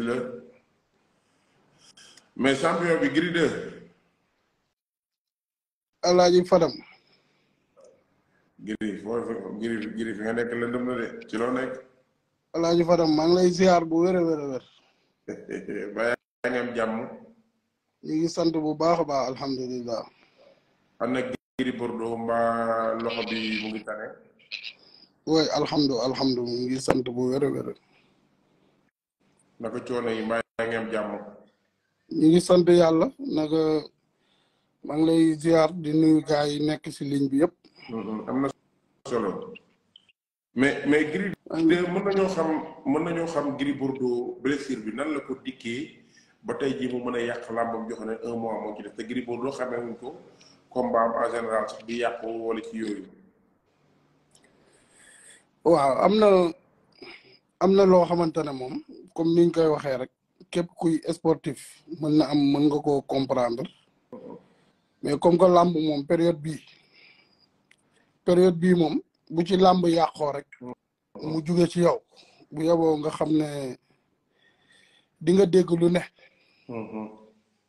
si la mais champion bi Gris 2. Alaaji Fadam. Gris foo Gris fi nga nekk lëndëm na de ci loo nekk. Alaaji Fadam maa lay ziar bu wér a wér a wér. bàyyi nga am jàmm. ñu ngi sant bu baax a baax alhamdulilah. am na Gris Bordeaux mbaa loxo bi mu ngi tane. oui alhamdu alhamdu mu ngi sant bu wér a naka coono yi mbaa yaa ngi jàmm. ñu ngi sant yàlla naka maa ngi lay ziar di nuyu gars yi nekk si ligne bi yëpp. Mm-hmm. am mais mais Gris mën nañoo xam mën nañoo xam Gris Bordeaux blessure bi nan la ko dikkee ba tey jii mu mën a yàq làmbam jox ne un mois moo ci def te Gris Bordeaux xamee wuñ ko combat am en général sax di yàqu wala ci yooyu. waaw am na am na loo xamante ne moom comme niñ ñu koy waxee rek képp kuy sportif mën na am mën nga koo comprendre mais comme que làmb moom période bi période bii moom bu ci làmb yàqoo rek mu juge ci yow bu yeboo nga xam ne di nga dégg lu ne mm-hmm.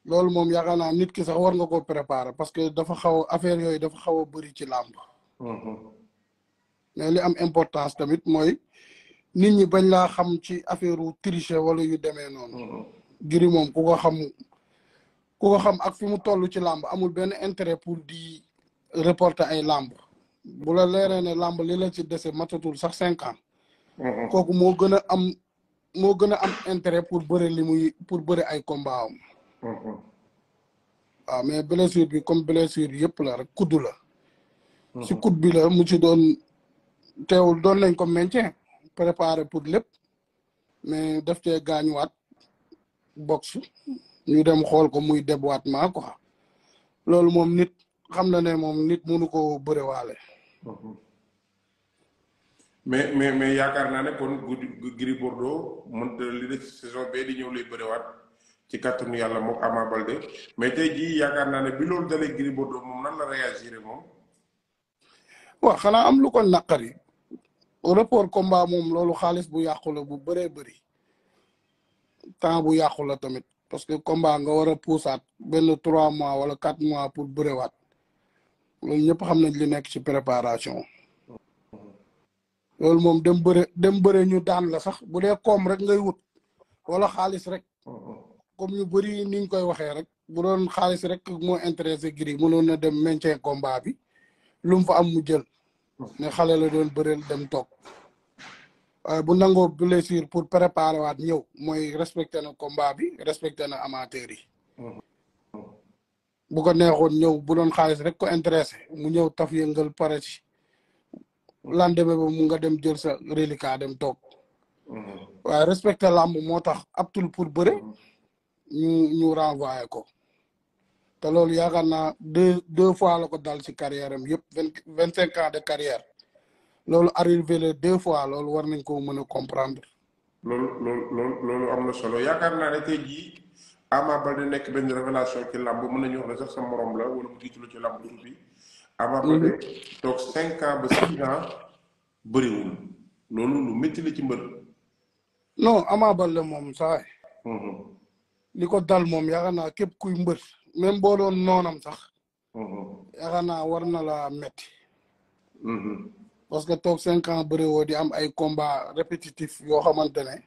loolu moom yaakaar naa nit ki sax war nga koo préparer parce que dafa xaw affaire yooyu dafa xaw a bëri ci làmb mm-hmm. mais li am importance tamit mooy nit ñi bañ laa xam ci affaire u tricher wala yu demee noonu. Gris mm-hmm. moom ku ko xam ku ko xam ak fi mu toll ci làmb amul benn intérêt pour di reporter ay làmb. bu la leeree ne làmb li la ci dese matatul sax cinq ans. Mm-hmm. kooku moo gën a am moo gën a am intérêt pour bëre li muy pour bëre ay combat am. waaw mm-hmm. ah, mais blessure bi comme blessure bi yëpp la rek kudd la. si kudd bi la mu ci doon teewul doon nañ ko maintien. préparé pour lépp mais daf cee gaañuwaat boxe ñu dem xool ko muy déboîtement quoi loolu moom nit xam na ne moom nit mënu ko bëriwaale. Mhm. mais mais mais yaakaar naa ne kon guddi Gris Bordeaux mën li des saison bee ñëw lay bëriwaat ci kàttanu yàlla moom Ama Baldé mais tey jii yaakaar naa ne bi loolu dalee Gris Bordeaux moom nan a réagir moom. waaw xanaa am lu ko naqari report combat moom loolu xaalis bu yàqu la bu bëree bëri temps bu yàqu la tamit parce que combat nga war a puusaat benn trois mois wala quatre mois pour bëriwaat loolu ñëpp xam nañ li nekk ci préparation loolu moom dem bëre dem bëre ñu daan la sax bu dee koom rek ngay wut wala xaalis rek comme ñu bëri niñ koy waxee rek bu doon xaalis rek moo intéressé Gris mënoon na dem maintien combat bi lum mu fa am mu jël ne xale la doon bëreel dem toog waaye bu nangoo blessure pour préparer waat ñëw mooy respecté na combat bi respecté na amateur yi. bu ko neexoon ñëw bu doon xaalis rek ko intéressé mu ñëw taf yëngal pare ci lendemain ba mu nga dem jël sa reliquat dem toog mm-hmm. waaye respecté làmb moo tax aptul pour bëre ñu ñu renvoyé ko te loolu yaakaar naa deux deux fois la ko dal ci carrière am yëpp vingt cinq ans de carrière loolu arrivé la deux fois loolu war nañ ko mën a comprendre. loolu loolu loolu am na solo yaakaar naa ne tey jii Ama Baldé nekk benn révélation ci làmb mën nañu wax ne sax sa morom la wala mu jiitu ci làmb du bi. Ama mhm. Baldé toog cinq ans ba six ans bëriwul loolu lu métti la ci mbër. non Ama Baldé moom saa mhm. li ko dal moom yaakaar naa képp kuy mbër. même boo doon noonam sax mm-hmm. yaakaar naa war na la metti mm-hmm. parce que toog cinq ans bëre woo di am ay combat répétitif yoo xamante ne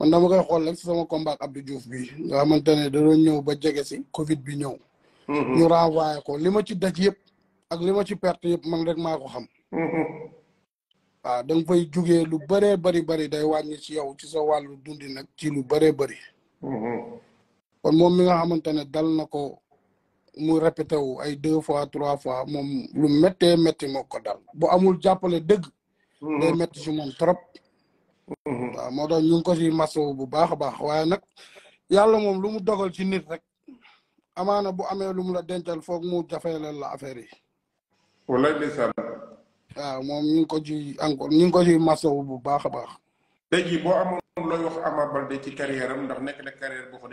man dama koy xool rek si sama combat ak Abdou Diouf bi nga xamante ne da doon ñëw ba jege si Covid bi ñëw mm-hmm. ñu renvoyé ko li ma ci daj yëpp ak li ma ci perte yëpp man rek maa ko xam fay jugee lu bëree bëri bëri day wàññi ci yow ci sa wàllu dundi nag ci lu bëree bari kon moom mi nga xamante ne dal na ko mu répété wu ay deux fois trois fois moom lu méttee métti moo ko dal bu amul jàppale dëgg mm-hmm. day métti si moom trop mm-hmm. waaw moo tax ñu ngi ko si masawu bu baax a baax waaye nag yàlla moom lu mu dogal ci nit rek amaana bu amee lu mu la dencal foog mu jafeelal la affaire yi wallaay ndeysaan waaw moom ñu ngi ko ci encore ñu ngi ko ci masawu bu baax a baax léegi boo amoon ci carrière nekk na carrière boo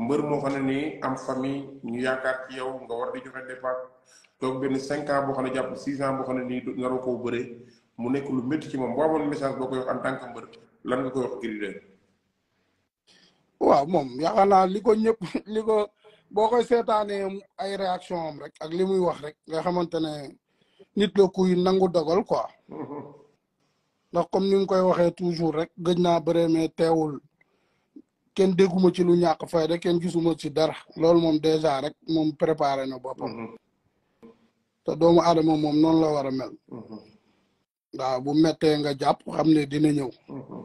mbër moo xam ne nii am famille ñu yaakaar ci yow nga war di joxe dépense toog benn cinq ans boo xam ne six ans boo xam ne nii naroo koo bëree mu nekk lu métti ci moom boo amoon message boo koy wax en tant mbër lan nga koy wax Gris waaw moom yaakaar naa li ko ñëpp li ko boo koy seetaanee ay réaction am rek ak li muy wax rek nga xamante ne nit la nangu dogal quoi ndax comme ni koy waxee toujours rek gëñ naa bëree mais teewul kenn dégguma ci lu ñàkk fayda kenn gisuma ci dara loolu moom dèjà rek moom préparé na boppam mm-hmm. te doomu aadama moom noonu la war a mel mm-hmm. waaw bu mettee nga jàpp xam ne dina ñëw mm-hmm.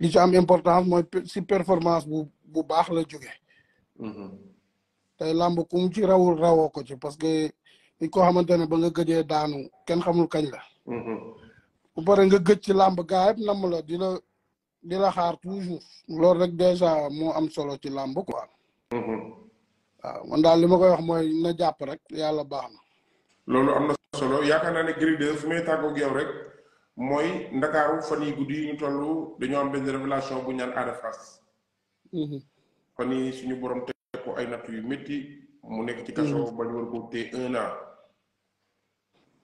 li ci am importance mooy si performance bu bu baax la jóge te làmb ku ci rawul rawoo ko ci parce que li ko xamante ne ba nga gëjee daanu kenn xamul kañ la bu pare nga gëj ci làmb gaa yëpp namm la di la di la xaar toujours lool rek déjà mo am solo ci lamb quoi. Mm-hmm. waaw man dal lima koy wax moy na japp rek yalla baxna na. amna am solo yaakaar naa ne Gris 2 fu may tàggoog yow rek moy ndakarou fani yi ñu tollu dañu am ben révélation bu ñaan ara fas hmm fani suñu borom teg ko ay natt yu metti mu nekk ci kasso mm-hmm. ba ñu war ko té 1 an.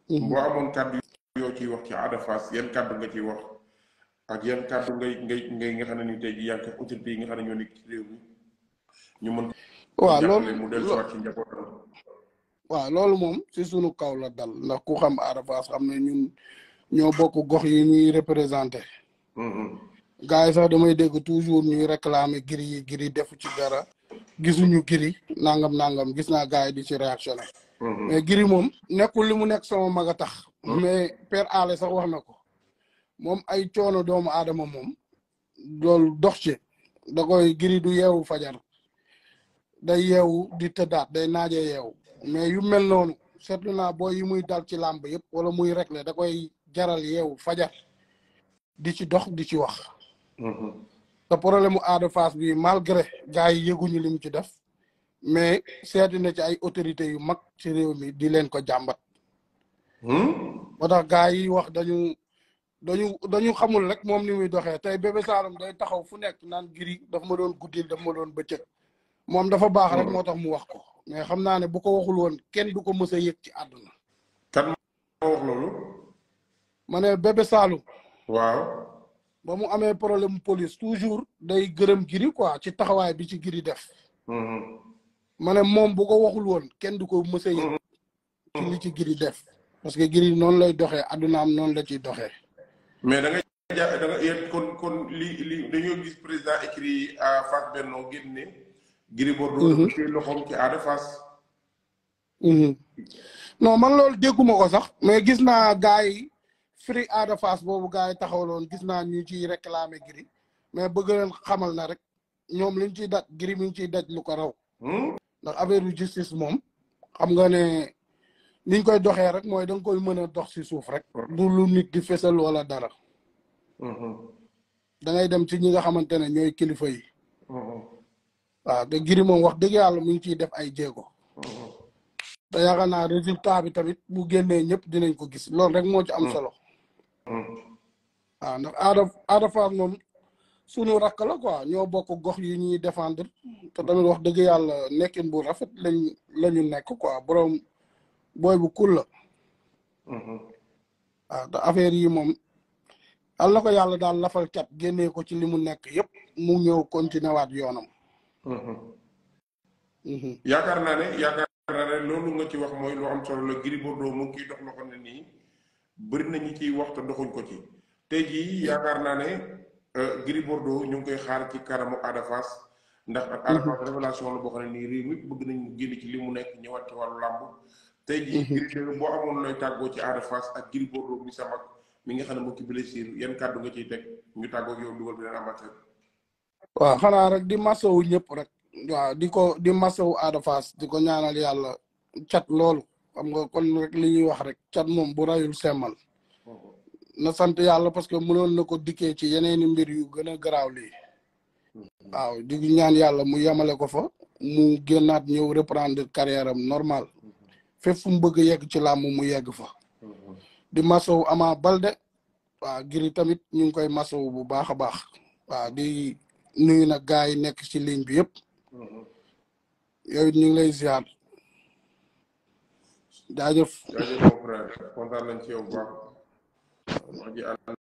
Mm-hmm. bo amoon kaddu yo ci wax ci ara fas yan kaddu nga ci wax. ak yan kàddu ngay ngay ngay nga xam ne ni tey ñu mën. waaw loolu mu dellu ci waaw loolu moom si sunu kaw la dal ndax ku xam Ada Fass xam ne ñoo bokk gox yi ñuy représenté. Mm-hmm. gars yi sax damay dégg toujours ñuy réclamer giri yi giri defu ci dara gisuñu giri nangam nangam gis naa gars yi di ci réactionné. Mm-hmm. mais giri moom nekkul li mu nekk sama mag a tax. Mm-hmm. mais Père Allé sax wax na ko. moom ay coono doomu aadama moom loolu dox ci da koy giri du yeewu fajar day yeewu di tëddaat day naaje yeewu mais yu mel noonu seetlu naa bo yi muy dal ci làmb yëpp wala muy rek réglé da koy jaral yeewu fajar di ci dox di ci wax mm-hmm. te problème mu Ada Fass bi malgré gars yi yëguñu li mu ci def mais seeti na ci ay autorités yu mag ci réew mi di leen ko jàmbat hmm? moo tax gars wax dañu dañu dañu xamul rek moom ni muy doxee tey Bébé Saloum day taxaw fu nekk naan giri daf ma doon guddil daf ma doon bëccëg moom dafa baax rek hmm. moo tax mu wax ko mais xam naa ne bu ko waxul woon kenn du ko mës a ci àdduna kan loolu ma ne Bébé Saloum mu amee problème police toujours day gërëm giri quoi ci taxawaay bi ci giri def hmm. ma moom bu ko waxul woon kenn du ko mës a yëg hmm. ci li ci def parce que giri noonu lay doxee àdduna am noonu la ciy doxee mais da nga ja da nga yet kon li li dañoo gis président écrit à Fass Benno génne. Gris Bordeaux mhm. ci loxoom ci Ada Fass. Mhm. non man loolu dégguma ko sax mais gis naa gars yi free Ada Fass boobu gars yi taxawloon gis naa ñu ciy réclamer Gris mais bëgg leen xamal na rek ñoom liñ ciy daj Gris mi ngi ciy daj lu ko raw. Hmm? ndax affaire justice moom xam nga ne. niñ koy doxee rek mooy da nga koy mën a dox si suuf rek. du lu nit di fésal wala dara. Mm-hmm. dangay dem ci ñi nga xamante ne ñooy kilifa yi. Mm-hmm. waaw te moom wax dëgg yàlla mu ngi ciy def ay jéego. Mm-hmm. te yaakaar naa résultat bi tamit bu génnee ñëpp dinañ ko gis loolu rek moo ci am solo. waaw ndax Ada Ada Fass moom suñu rakk la quoi ñoo bokk gox yi ñuy défendre te tamit wax dëgg yàlla nekkin bu rafet lañ la ñu nekk quoi booy bu kul la. Mm-hmm. Ah, te affaire yii moom al na ko yàlla daal lafal cat génnee ko ci li mu nekk yëpp mu ñëw continuer waat yoonam. Mm-hmm. Mm-hmm. yaakaar naa ne yaakaar naa loolu nga ci wax mooy lu am solo la Gris Bordeaux mu ngi ciy dox loo xam ne nii bëri na ñi ciy wax te doxuñ ko ci tey jii yaakaar naa ne euh, Gris Bordeaux ñu ngi koy xaar ci kanamu Ada Fass ndax ak Ada Fass révélation la boo xam nii réew mi bëgg nañ ci li mu nekk ñëwaat ci wàllu làmb tay ji ngir mhm. bo amone lay taggo ci Ada Fass ak Gris Bordeaux mi sama mi nga xamne mo ki blessure yeen kaddu nga ci tek ñu taggo yow dugal bi amateur wa xana rek di massaw ñep rek wa diko di massaw Ada Fass diko ñaanal yalla chat lool xam nga kon rek li ñuy wax rek chat mom bu rayul semal na sant yalla parce que mënon nako diké ci yeneeni mbir yu gëna graw li mhm. waaw di ñaan yalla mu yamale ko fa mu gennat ñew reprendre carrière am normal fépp fu mu bëgg a yegg ci làmb mu yegg fa. Mm-hmm. di masawu Ama Balde waaw giri tamit ñu ngi koy masawu bu baax a baax waa di nuyu nag gars yi nekk ci ligne bi yëpp. Mm-hmm. yow it ñu ngi lay ziar. jaajëf